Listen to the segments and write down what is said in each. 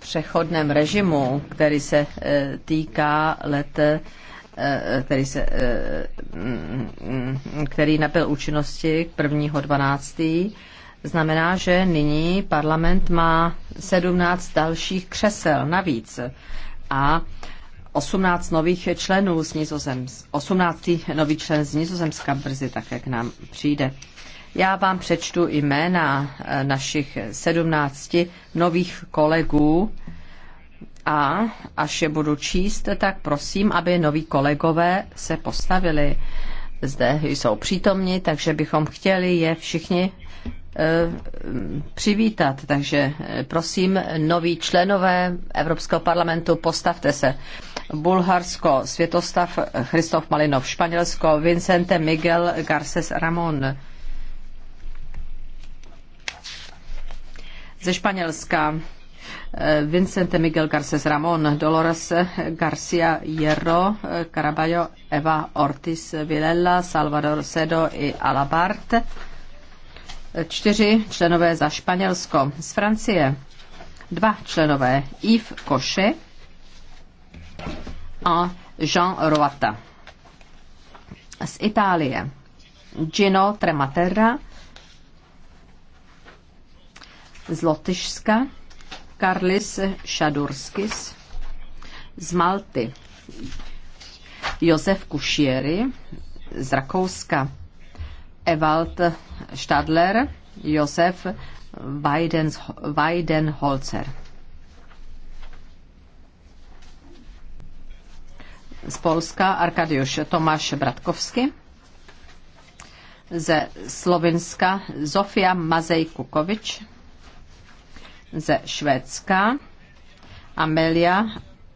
přechodném režimu, který se eh, týká let, eh, který, se, eh, který nabyl účinnosti k 1.12. znamená, že nyní parlament má 17 dalších křesel navíc a 18 nových členů z Nizozemska, 18 nový člen z Nizozemska brzy také k nám přijde. Já vám přečtu jména eh, našich sedmnácti nových kolegů a až je budu číst, tak prosím, aby noví kolegové se postavili. Zde jsou přítomni, takže bychom chtěli je všichni eh, přivítat. Takže eh, prosím, noví členové Evropského parlamentu, postavte se. Bulharsko, Světostav Christof Malinov, Španělsko, Vincente Miguel Garces Ramon, ze Španělska. Eh, Vincente Miguel Garces Ramon, Dolores Garcia Hierro, eh, Caraballo, Eva Ortiz Vilela, Salvador Sedo i Alabart. Eh, čtyři členové za Španělsko. Z Francie dva členové Yves Cochet a Jean Roata. Z Itálie Gino Trematerra, z Lotyšska, Karlis Šadurskis z Malty, Josef Kušieri z Rakouska, Ewald Stadler, Josef Weidenholzer. Z Polska Arkadiusz Tomasz Bratkowski, ze Slovinska Zofia Mazej Kukovič, ze Švédska, Amelia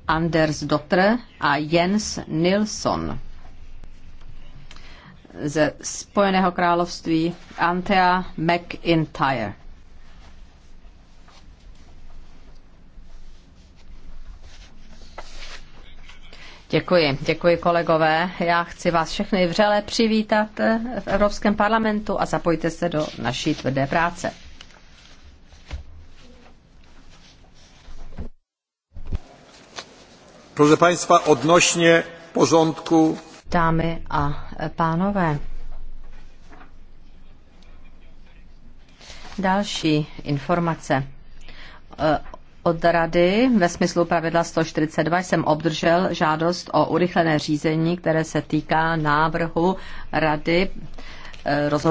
Anders Dotter a Jens Nilsson. Ze Spojeného království Antea McIntyre. Děkuji, děkuji kolegové. Já chci vás všechny vřele přivítat v Evropském parlamentu a zapojte se do naší tvrdé práce. Proszę Państwa, odnośnie porządku. Dámy a pánové, další informace. Eh, od Rady ve smyslu pravidla 142 jsem obdržel žádost o urychlené řízení, které se týká návrhu Rady eh, rozhodnutí